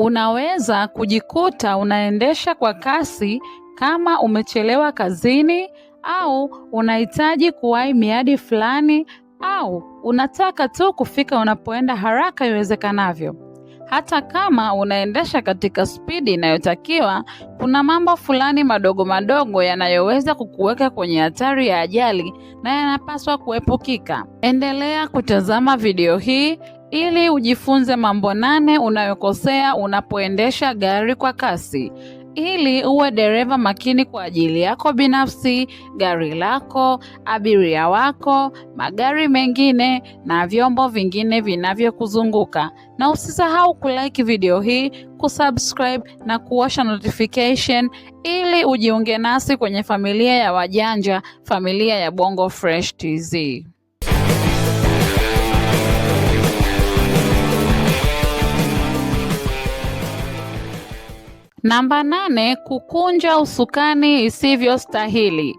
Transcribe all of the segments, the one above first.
Unaweza kujikuta unaendesha kwa kasi kama umechelewa kazini au unahitaji kuwahi miadi fulani au unataka tu kufika unapoenda haraka iwezekanavyo. Hata kama unaendesha katika spidi inayotakiwa, kuna mambo fulani madogo madogo yanayoweza kukuweka kwenye hatari ya ajali na yanapaswa kuepukika. Endelea kutazama video hii ili ujifunze mambo nane unayokosea unapoendesha gari kwa kasi, ili uwe dereva makini kwa ajili yako binafsi, gari lako, abiria wako, magari mengine na vyombo vingine vinavyokuzunguka. Na usisahau kulike video hii, kusubscribe na kuwasha notification ili ujiunge nasi kwenye familia ya wajanja, familia ya Bongo Fresh TZ. Namba nane, kukunja usukani isivyostahili.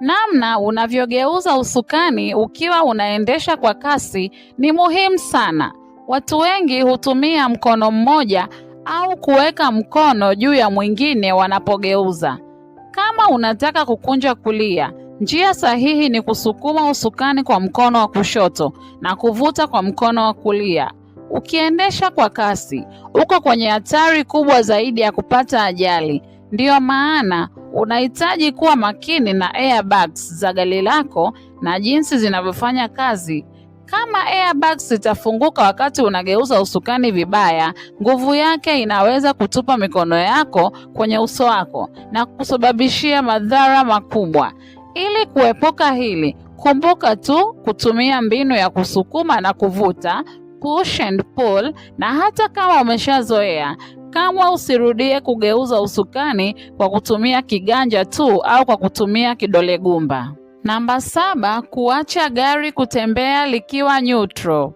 Namna unavyogeuza usukani ukiwa unaendesha kwa kasi ni muhimu sana. Watu wengi hutumia mkono mmoja au kuweka mkono juu ya mwingine wanapogeuza. Kama unataka kukunja kulia, njia sahihi ni kusukuma usukani kwa mkono wa kushoto na kuvuta kwa mkono wa kulia. Ukiendesha kwa kasi, uko kwenye hatari kubwa zaidi ya kupata ajali. Ndiyo maana unahitaji kuwa makini na airbags za gari lako na jinsi zinavyofanya kazi. Kama airbags itafunguka wakati unageuza usukani vibaya, nguvu yake inaweza kutupa mikono yako kwenye uso wako na kusababishia madhara makubwa. Ili kuepuka hili, kumbuka tu kutumia mbinu ya kusukuma na kuvuta push and pull, na hata kama umeshazoea kamwa usirudie kugeuza usukani kwa kutumia kiganja tu au kwa kutumia kidole gumba. Namba saba, kuacha gari kutembea likiwa neutral.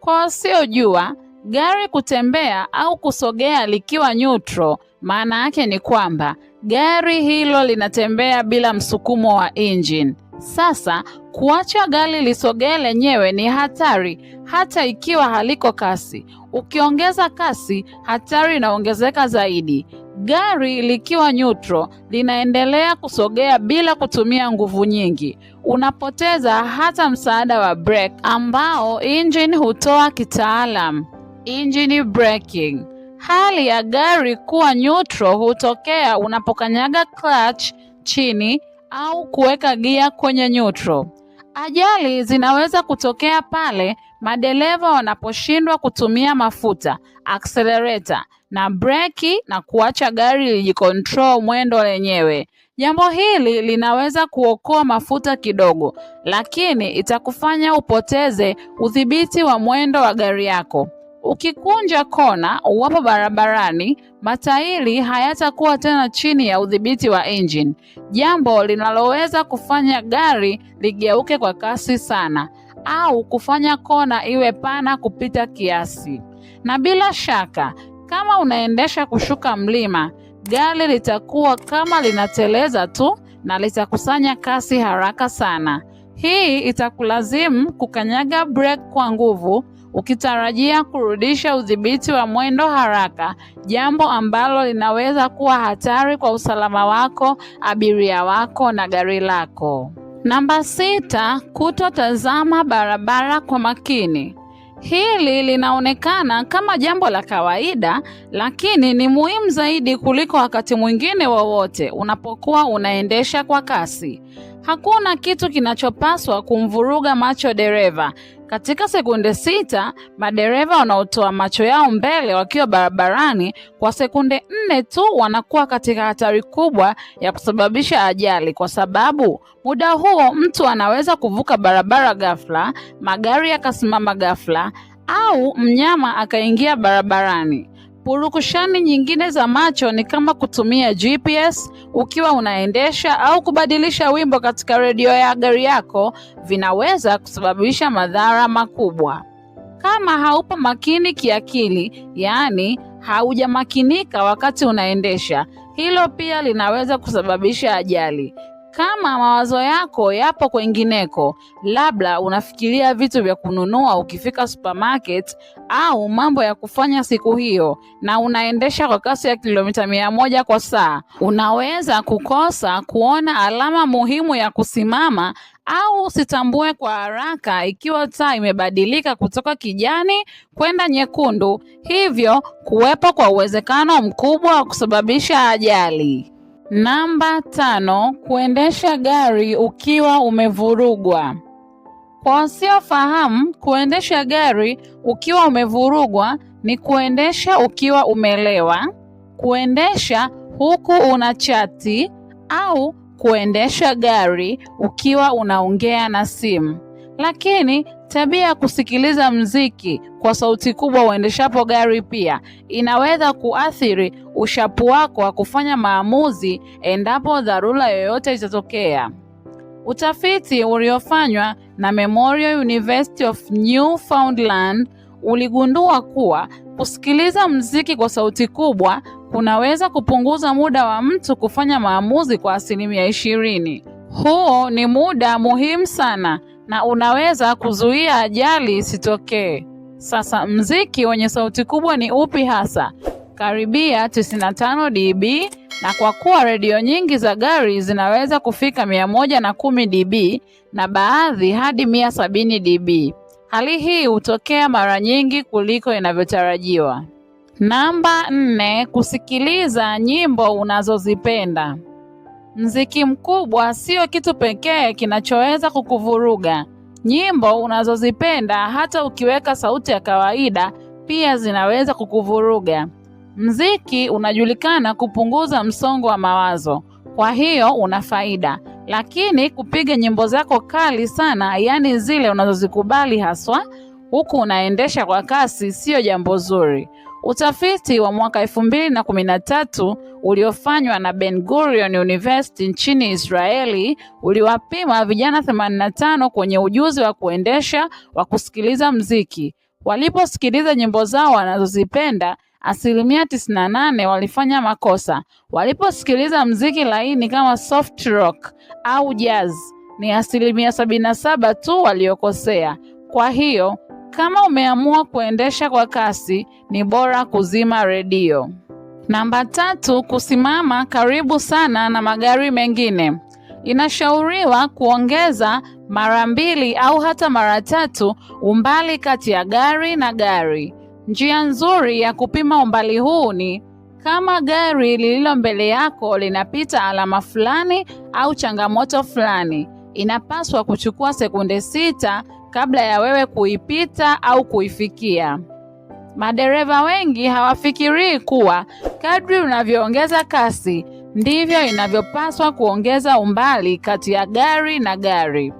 Kwa wasiojua, gari kutembea au kusogea likiwa neutral maana yake ni kwamba gari hilo linatembea bila msukumo wa engine. Sasa kuacha gari lisogee lenyewe ni hatari, hata ikiwa haliko kasi. Ukiongeza kasi, hatari inaongezeka zaidi. Gari likiwa nyutro linaendelea kusogea bila kutumia nguvu nyingi. Unapoteza hata msaada wa brake ambao engine hutoa kitaalam, engine braking. Hali ya gari kuwa nyutro hutokea unapokanyaga clutch chini au kuweka gia kwenye nyutro. Ajali zinaweza kutokea pale madereva wanaposhindwa kutumia mafuta, accelerator na breki na kuacha gari lijikontrol mwendo lenyewe. Jambo hili linaweza kuokoa mafuta kidogo, lakini itakufanya upoteze udhibiti wa mwendo wa gari yako. Ukikunja kona uwapo barabarani, matairi hayatakuwa tena chini ya udhibiti wa engine, jambo linaloweza kufanya gari ligeuke kwa kasi sana au kufanya kona iwe pana kupita kiasi. Na bila shaka, kama unaendesha kushuka mlima, gari litakuwa kama linateleza tu na litakusanya kasi haraka sana. Hii itakulazimu kukanyaga breki kwa nguvu ukitarajia kurudisha udhibiti wa mwendo haraka, jambo ambalo linaweza kuwa hatari kwa usalama wako, abiria wako na gari lako. Namba sita, kutotazama barabara kwa makini. Hili linaonekana kama jambo la kawaida, lakini ni muhimu zaidi kuliko wakati mwingine wowote unapokuwa unaendesha kwa kasi. Hakuna kitu kinachopaswa kumvuruga macho dereva. Katika sekunde sita, madereva wanaotoa macho yao mbele wakiwa barabarani kwa sekunde nne tu wanakuwa katika hatari kubwa ya kusababisha ajali, kwa sababu muda huo mtu anaweza kuvuka barabara ghafla, magari yakasimama ghafla, au mnyama akaingia barabarani. Purukushani nyingine za macho ni kama kutumia GPS ukiwa unaendesha au kubadilisha wimbo katika redio ya gari yako, vinaweza kusababisha madhara makubwa kama haupo makini kiakili, yaani haujamakinika wakati unaendesha. Hilo pia linaweza kusababisha ajali. Kama mawazo yako yapo kwengineko, labda unafikiria vitu vya kununua ukifika supermarket au mambo ya kufanya siku hiyo, na unaendesha kwa kasi ya kilomita mia moja kwa saa, unaweza kukosa kuona alama muhimu ya kusimama au usitambue kwa haraka ikiwa taa imebadilika kutoka kijani kwenda nyekundu, hivyo kuwepo kwa uwezekano mkubwa wa kusababisha ajali. Namba tano, kuendesha gari ukiwa umevurugwa. Kwa wasiofahamu, kuendesha gari ukiwa umevurugwa ni kuendesha ukiwa umelewa, kuendesha huku una chati au kuendesha gari ukiwa unaongea na simu. Lakini Tabia ya kusikiliza mziki kwa sauti kubwa uendeshapo gari pia inaweza kuathiri ushapu wako wa kufanya maamuzi endapo dharura yoyote itatokea. Utafiti uliofanywa na Memorial University of Newfoundland uligundua kuwa kusikiliza mziki kwa sauti kubwa kunaweza kupunguza muda wa mtu kufanya maamuzi kwa asilimia ishirini. Huo ni muda muhimu sana na unaweza kuzuia ajali isitokee. Sasa mziki wenye sauti kubwa ni upi hasa? Karibia 95 dB, na kwa kuwa redio nyingi za gari zinaweza kufika 110 dB na baadhi hadi 170 dB. Hali hii hutokea mara nyingi kuliko inavyotarajiwa. Namba nne, kusikiliza nyimbo unazozipenda. Mziki mkubwa sio kitu pekee kinachoweza kukuvuruga. Nyimbo unazozipenda hata ukiweka sauti ya kawaida pia zinaweza kukuvuruga. Mziki unajulikana kupunguza msongo wa mawazo, kwa hiyo una faida. Lakini kupiga nyimbo zako kali sana, yaani zile unazozikubali haswa, huku unaendesha kwa kasi, sio jambo zuri. Utafiti wa mwaka 2013 uliofanywa na Ben Gurion University nchini Israeli uliwapima vijana 85 kwenye ujuzi wa kuendesha wa kusikiliza mziki. Waliposikiliza nyimbo zao wanazozipenda, asilimia 98 walifanya makosa. Waliposikiliza mziki laini kama soft rock au jazz, ni asilimia 77 tu waliokosea. Kwa hiyo kama umeamua kuendesha kwa kasi, ni bora kuzima redio. Namba tatu, kusimama karibu sana na magari mengine. Inashauriwa kuongeza mara mbili au hata mara tatu umbali kati ya gari na gari. Njia nzuri ya kupima umbali huu ni kama gari lililo mbele yako linapita alama fulani au changamoto fulani, inapaswa kuchukua sekunde sita kabla ya wewe kuipita au kuifikia. Madereva wengi hawafikirii kuwa kadri unavyoongeza kasi ndivyo inavyopaswa kuongeza umbali kati ya gari na gari.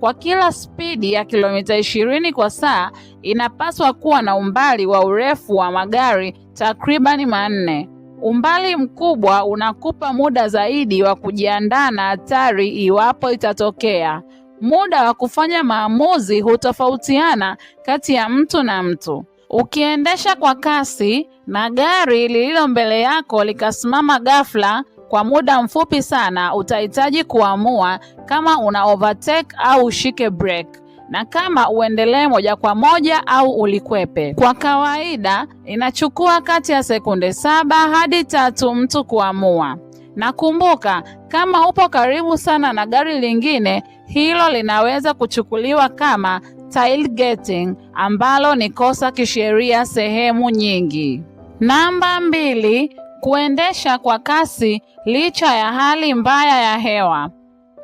Kwa kila spidi ya kilomita 20 kwa saa inapaswa kuwa na umbali wa urefu wa magari takribani manne. Umbali mkubwa unakupa muda zaidi wa kujiandaa na hatari iwapo itatokea. Muda wa kufanya maamuzi hutofautiana kati ya mtu na mtu. Ukiendesha kwa kasi na gari lililo mbele yako likasimama ghafla kwa muda mfupi sana, utahitaji kuamua kama una overtake au ushike break na kama uendelee moja kwa moja au ulikwepe. Kwa kawaida inachukua kati ya sekunde saba hadi tatu mtu kuamua. Na kumbuka, kama upo karibu sana na gari lingine hilo linaweza kuchukuliwa kama tailgating ambalo ni kosa kisheria sehemu nyingi. Namba mbili, kuendesha kwa kasi licha ya hali mbaya ya hewa.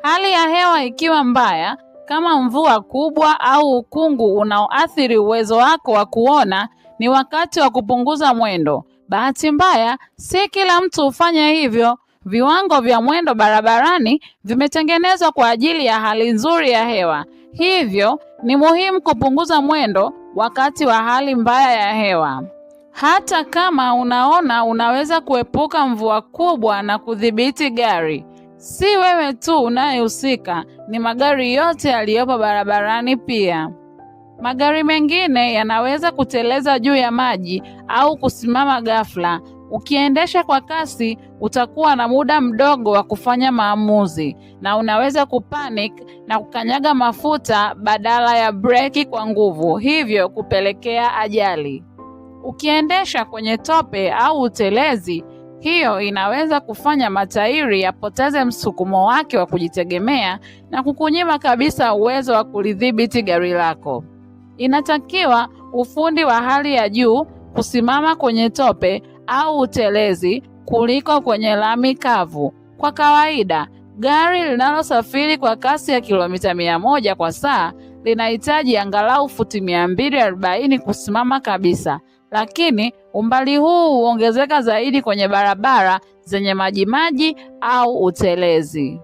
Hali ya hewa ikiwa mbaya kama mvua kubwa au ukungu unaoathiri uwezo wako wa kuona, ni wakati wa kupunguza mwendo. Bahati mbaya, si kila mtu hufanya hivyo. Viwango vya mwendo barabarani vimetengenezwa kwa ajili ya hali nzuri ya hewa, hivyo ni muhimu kupunguza mwendo wakati wa hali mbaya ya hewa. Hata kama unaona unaweza kuepuka mvua kubwa na kudhibiti gari, si wewe tu unayehusika, ni magari yote yaliyopo barabarani pia. Magari mengine yanaweza kuteleza juu ya maji au kusimama ghafla, Ukiendesha kwa kasi, utakuwa na muda mdogo wa kufanya maamuzi na unaweza kupanic na kukanyaga mafuta badala ya breki kwa nguvu, hivyo kupelekea ajali. Ukiendesha kwenye tope au utelezi, hiyo inaweza kufanya matairi yapoteze msukumo wake wa kujitegemea na kukunyima kabisa uwezo wa kulidhibiti gari lako. Inatakiwa ufundi wa hali ya juu kusimama kwenye tope au utelezi kuliko kwenye lami kavu. Kwa kawaida, gari linalosafiri kwa kasi ya kilomita mia moja kwa saa linahitaji angalau futi 240 kusimama kabisa, lakini umbali huu huongezeka zaidi kwenye barabara zenye majimaji au utelezi.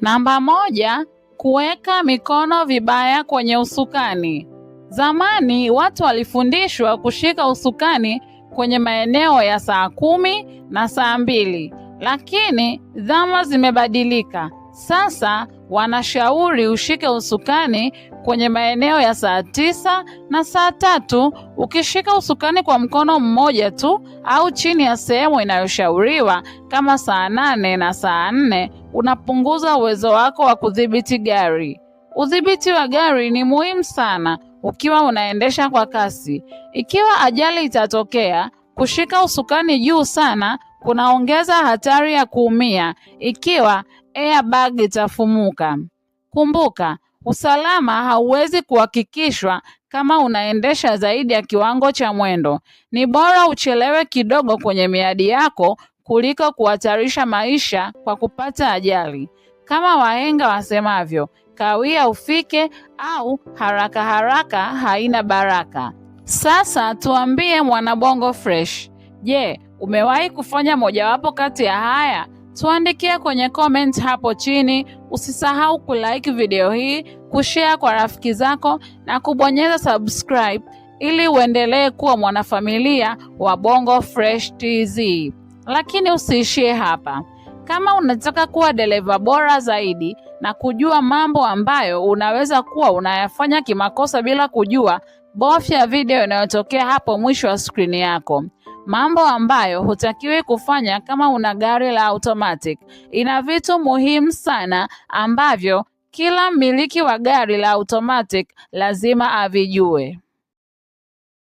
Namba moja, kuweka mikono vibaya kwenye usukani. Zamani watu walifundishwa kushika usukani kwenye maeneo ya saa kumi na saa mbili, lakini dhama zimebadilika. Sasa wanashauri ushike usukani kwenye maeneo ya saa tisa na saa tatu. Ukishika usukani kwa mkono mmoja tu au chini ya sehemu inayoshauriwa kama saa nane na saa nne, unapunguza uwezo wako wa kudhibiti gari. Udhibiti wa gari ni muhimu sana ukiwa unaendesha kwa kasi. Ikiwa ajali itatokea, kushika usukani juu sana kunaongeza hatari ya kuumia ikiwa airbag itafumuka. Kumbuka, usalama hauwezi kuhakikishwa kama unaendesha zaidi ya kiwango cha mwendo. Ni bora uchelewe kidogo kwenye miadi yako kuliko kuhatarisha maisha kwa kupata ajali. Kama wahenga wasemavyo, kawia ufike au haraka haraka haina baraka. Sasa tuambie mwanabongo fresh, je, umewahi kufanya mojawapo kati ya haya? Tuandikie kwenye comment hapo chini. Usisahau kulike video hii, kushare kwa rafiki zako na kubonyeza subscribe ili uendelee kuwa mwanafamilia wa Bongo Fresh TZ. Lakini usiishie hapa. Kama unataka kuwa dereva bora zaidi na kujua mambo ambayo unaweza kuwa unayafanya kimakosa bila kujua, bofya video inayotokea hapo mwisho wa skrini yako. Mambo ambayo hutakiwi kufanya kama una gari la automatic. Ina vitu muhimu sana ambavyo kila mmiliki wa gari la automatic lazima avijue.